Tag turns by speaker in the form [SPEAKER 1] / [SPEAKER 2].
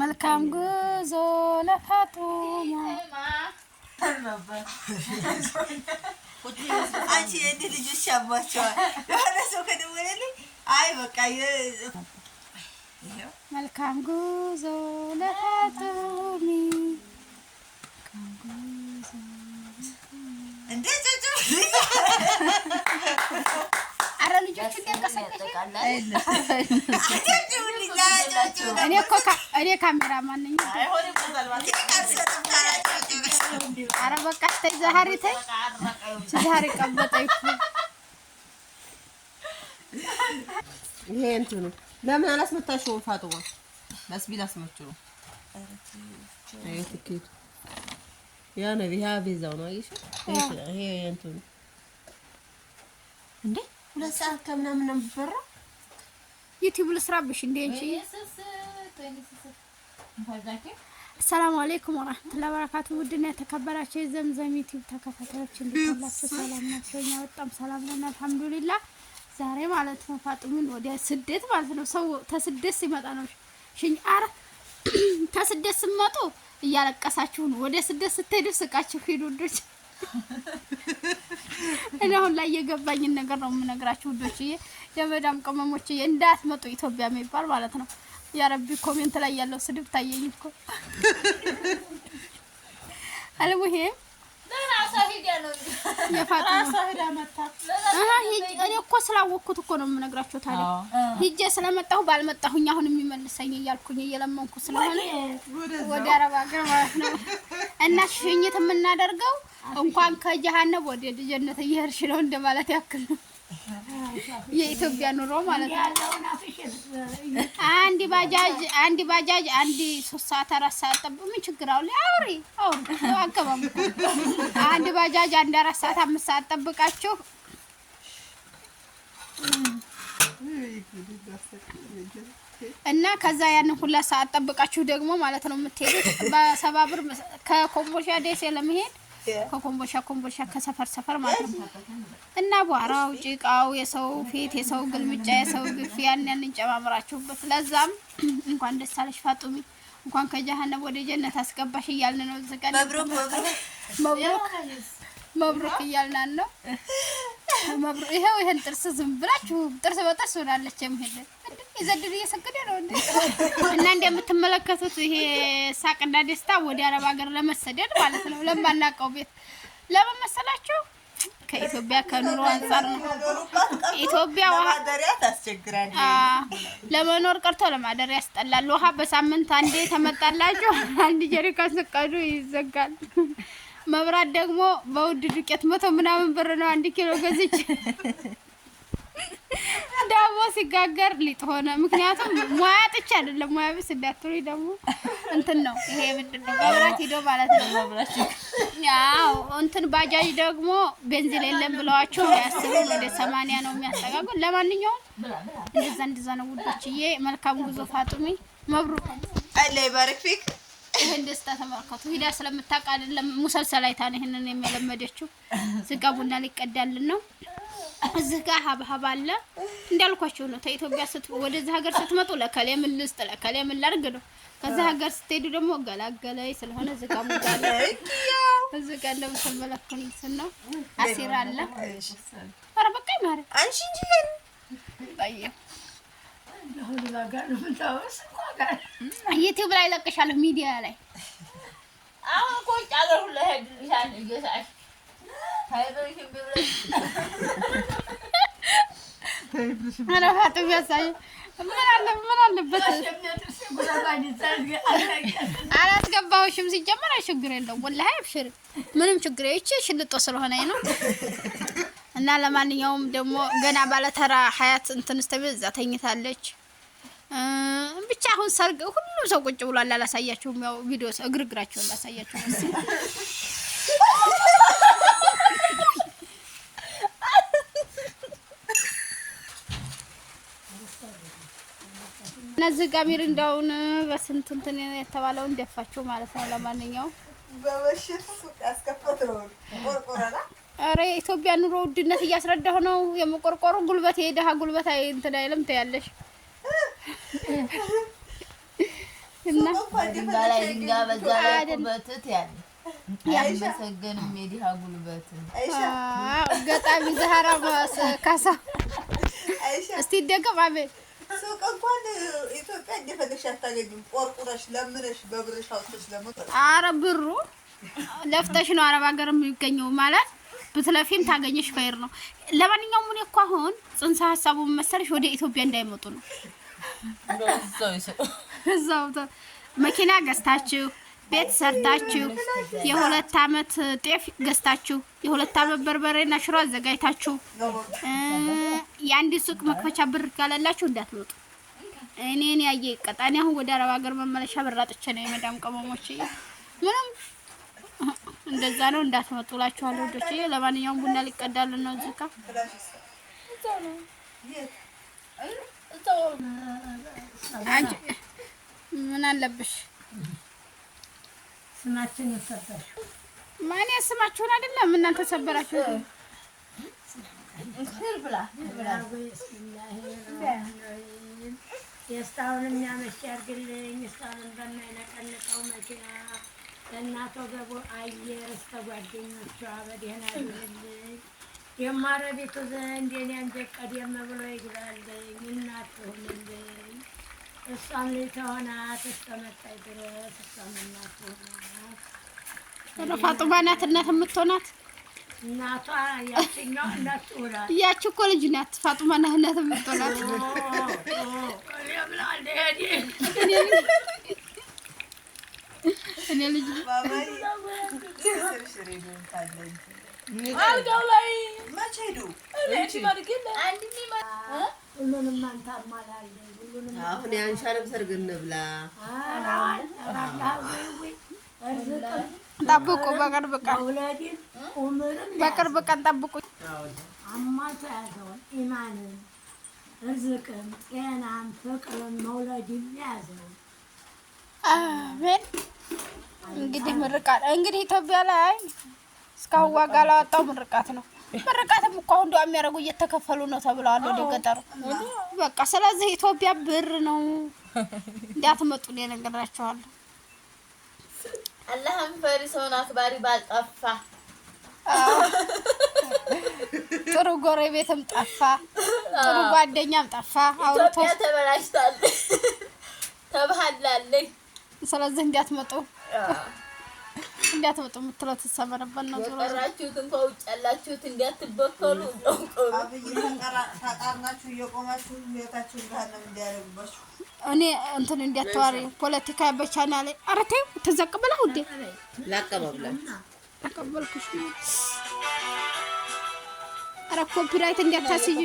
[SPEAKER 1] መልካም ጉዞ ለፋጡማ።
[SPEAKER 2] አንቺ ልጆች ያቧቸዋል። የሆነ ሰው ከደወለልኝ አይ በቃ
[SPEAKER 1] መልካም ጉዞ ለፋጡሚ አረ እኔ ካሜራ ማንኛ አረ በቃ ተይ ዛሬ ተይ ዛሬ ቀበጠኝ።
[SPEAKER 3] ይሄ እንትኑ ለምን አላስመታሽውም? ፋጡማ በስቢል አስመችው ትኬቱ ያ ነው ያ ቤዛው ነው። አይሽ ይሄ እንት
[SPEAKER 1] እንዴ
[SPEAKER 2] ሁለት ሰዓት ከምናምን ነው የምትበራው።
[SPEAKER 1] ዩቲዩብ ልስራብሽ እንዴ እንጂ። አሰላሙ አለይኩም ወራህመቱላሂ ወበረካቱ። ውድና የተከበራችሁ የዘምዘም ዩቲዩብ ተከታታዮች እንዴት ናችሁ? ሰላም ናችሁ? እኛ በጣም ሰላም ነን አልሐምዱሊላህ። ዛሬ ማለት ነው ፋጥሙን ወደ ስደት ማለት ነው ሰው ተስደት ሲመጣ ነው ሽኝ አረ ተስደት ሲመጡ እያለቀሳችሁ ነው። ወደ ስደት ስትሄዱ ስቃችሁ ሂዱ ውዶች። እኔ አሁን ላይ የገባኝን ነገር ነው የምነግራችሁ ውዶች። የመዳም ቅመሞች እንዳትመጡ ኢትዮጵያ የሚባል ማለት ነው። ያረቢ ኮሜንት ላይ ያለው ስድብ ታየኝ እኮ አለሙ ይሄ እኔ እኮ ስላወቅኩት እኮ ነው የምነግራቸው። ታዲያ ሂጄ ስለመጣሁ ባልመጣሁኝ አሁን የሚመልሰኝ እያልኩኝ እየለመንኩ ስለሆነ ወደ አረብ አገር ማለት ነው። እና ሽኝት የምናደርገው እንኳን ከጀሀነብ ወደ ጀነት እየሄድሽ ነው እንደማለት ያክል ነው። የኢትዮጵያ ኑሮ ማለት ነው። አንድ ባጃጅ አንድ ባጃጅ አንድ ሶስት ሰዓት አራት ሰዓት ጠብቁ። ምን ችግር አውሪ አውሪ አውሪ አገባም። አንድ ባጃጅ አንድ አራት ሰዓት አምስት ሰዓት ጠብቃችሁ እና ከዛ ያንን ሁላ ሰዓት ጠብቃችሁ ደግሞ ማለት ነው የምትሄዱት በሰባ ብር ከኮምቦልቻ ደሴ ለመሄድ ከኮምቦልቻ ኮምቦልቻ ከሰፈር ሰፈር ማለት ነው እና ቧራው ጭቃው፣ የሰው ፊት፣ የሰው ግልምጫ፣ የሰው ግፍ ያን ያን እንጨማምራችሁበት። ለዛም እንኳን ደስ አለሽ ፋጡሚ፣ እንኳን ከጀሃነም ወደ ጀነት አስገባሽ እያልን ነው። ዝቀን መብሩክ መብሩክ እያልናን ነው። መብሩክ ይኸው፣ ይሄን ጥርስ ዝም ብላችሁ ጥርስ በጥርስ ሆናለች የሚሄድ የዘድር እየሰገደ ነው እንዴ! እና እንደምትመለከቱት ይሄ ሳቅና ደስታ ወደ አረብ ሀገር ለመሰደድ ማለት ነው። ለማናውቀው ቤት ለምን መሰላችሁ? ከኢትዮጵያ ከኑሮ አንጻር ነው። ኢትዮጵያ
[SPEAKER 2] ማደሪያ ታስቸግራለች።
[SPEAKER 1] ለመኖር ቀርቶ ለማደር ያስጠላል። ውሃ በሳምንት አንዴ ተመጣላችሁ አንድ ጀሪካን ስቀዱ ይዘጋል። መብራት ደግሞ በውድ ዱቄት መቶ ምናምን ብር ነው አንድ ኪሎ ገዝቼ ዳቦ ሲጋገር ሊጥ ሆነ። ምክንያቱም ሙያ ጥቻ አይደለም። ሙያ ቢስ እንዳትሩ ደግሞ እንትን ነው ይሄ ምንድን ነው መብራት ሄዶ ማለት ነው። ያው እንትን ባጃጅ ደግሞ ቤንዚን የለም ብለዋቸው ያስብ ወደ ሰማንያ ነው የሚያስተጋጉል። ለማንኛውም እንደዛ እንደዛ ነው ውዶችዬ። መልካም ጉዞ ፋጡሚ መብሩክ
[SPEAKER 2] አለ ባረክ ፊክ።
[SPEAKER 1] ይሄን ደስታ ተመልከቱ። ሂዳ ስለምታውቅ አይደለም ሙሰልሰል አይታ ነው ይሄንን የሚለመደችው። ስጋ ቡና ሊቀዳልን ነው እዚህ ጋር ሀብሀብ አለ እንዳልኳችሁ ነው። ተኢትዮጵያ ስት ወደዚህ ሀገር ስትመጡ ለከሌ ምን ልስጥ ለከሌ ምን ላድርግ ነው። ከዚህ ሀገር ስትሄዱ ደግሞ ገላገለይ ስለሆነ እዚህ ጋር ሙዳ አለ። እዚህ ጋር ለምትመለከቱኝ ነው አሲር አለ። ኧረ በቃ ማረ
[SPEAKER 2] አንቺ እንጂ ይሄን
[SPEAKER 1] ዩቲዩብ ላይ ለቅሻለሁ ሚዲያ ላይ
[SPEAKER 2] አሁን ቆጫለሁ ለሄድ ይላል ይገሳሽ
[SPEAKER 1] አላስገባሁሽም ሲጀመር ችግር የለውም። ወላሂ አብሽር፣ ምንም ችግር ይቺ ሽልጦ ስለሆነ ነው። እና ለማንኛውም ደግሞ ገና ባለተራ ሀያት እንትን ስተቤ እዛ ተኝታለች። ብቻ አሁን ሰርግ ሁሉም ሰው ቁጭ ብሏል። አላሳያችሁም፣ ያው ቪዲዮ እግርግራቸውን ላሳያችሁ እነዚህ ጋሚር እንዳውን በስንት እንትን የተባለውን ደፋችሁ ማለት ነው። ለማንኛውም ኧረ የኢትዮጵያ ኑሮ ውድነት እያስረዳሁ ነው። የመቆርቆሩ ጉልበት የደሃ ጉልበት እንትን አይልም ትያለሽ
[SPEAKER 2] እና
[SPEAKER 4] ያመሰገንም የድሃ ጉልበት
[SPEAKER 1] ገጣሚ ዛህራ ካሳ እስቲ ደገም አሜን
[SPEAKER 2] ሱቅ እንኳን ኢትዮጵያ እንደፈለግሽ አታገኝም። ቆርቁረሽ ለምነሽ በብርሽ አውጥተሽ
[SPEAKER 1] ብሩ ለፍተሽ ነው አረብ ሀገር የሚገኘው ማለት ብትለፊም ታገኘሽ ፈይር ነው። ለማንኛውም እኔ እኮ አሁን ጽንሰ ሀሳቡ መሰለሽ ወደ ኢትዮጵያ እንዳይመጡ ነው። እዛው መኪና ገዝታችሁ ቤት ሰርታችሁ የሁለት አመት ጤፍ ገዝታችሁ የሁለት አመት በርበሬና ሽሮ አዘጋጅታችሁ የአንድ ሱቅ መክፈቻ ብር ካላላችሁ እንዳትመጡ። እኔን ያየ ቀጣኔ አሁን ወደ አረብ ሀገር መመለሻ በራጥቼ ነው የመዳም ቀመሞች ምንም እንደዛ ነው። እንዳትመጡ እላችኋለሁ ወዶች። ለማንኛውም ቡና ሊቀዳልን ነው እዚህ ጋ ምን አለብሽ
[SPEAKER 4] ስማችን የሰበርሽው
[SPEAKER 1] ማን? ስማችሁን አይደለም እናንተ ሰበራችሁ።
[SPEAKER 4] የእስካሁንም ያመሽ ያድርግልኝ። እስካሁንም በማይነቀንቀው መኪና ለእናቶ ገቦ አየር እስከ ጓደኞቿ በደህና ይልልኝ። የማረቤቱ ዘንድ የኔን ደቀድ ብሎ ይግባልኝ። እናት ሁንልኝ እሷም ልጅ ተሆናት እስከመጣች ድረስ እሷም እናት ሆናት።
[SPEAKER 1] ኧረ ፋጡማ ናት እናት የምትሆናት
[SPEAKER 4] እናቷ ያችኛው እናት ትሆናት።
[SPEAKER 1] ያች እኮ ልጅ ናት። ፋጡማ ናት እናት የምትሆናት። እኔ ልጅ
[SPEAKER 2] አልጋው ላይ መቼ ሄዱ? ሁሉንም አሁን የአንሻረብ ሰርግ እንብላ።
[SPEAKER 1] ጠብቁ፣ በቅርብ ቀን በቅርብ ቀን ጠብቁ። አማት ያዘውን
[SPEAKER 4] ኢማንን፣ እርዝቅም፣ ጤናን፣ ፍቅርን መውለድም ያዘውን
[SPEAKER 1] አሜን። እንግዲህ ምርቃት እንግዲህ ኢትዮጵያ ላይ እስካሁን ዋጋ ላወጣው ምርቃት ነው። ምርቃትም እኮ አሁን እንደው የሚያደርጉ እየተከፈሉ ነው ተብለዋል ወደ ገጠሩ። በቃ ስለዚህ ኢትዮጵያ ብር ነው እንዳትመጡ ነው የነገራቸዋለሁ።
[SPEAKER 2] አላህም ፈሪ ሰውን አክባሪ ባልጠፋ
[SPEAKER 1] ጥሩ ጎረቤትም ጠፋ፣ ጥሩ ጓደኛም ጠፋ።
[SPEAKER 2] አውርቶ ተበላሽታለች፣ ተባህላለች።
[SPEAKER 1] ስለዚህ እንዳትመጡ እንዳትወጡ የምትለው ትሰበረበት ነው። ዞሮ
[SPEAKER 2] የቀራችሁት ውጭ ያላችሁት እንዳትበከሉ
[SPEAKER 4] ተጣርናችሁ እየቆማችሁ ህይወታችሁን እንዲያደርግባችሁ
[SPEAKER 1] እኔ እንትን እንዲያተዋሪ ፖለቲካ በቻናሌ ኧረ ተይው ተዘቅበላ ውዴ ላቀባብላ ተቀበልኩሽ ነው። ኮፒራይት እንዲያታስይኝ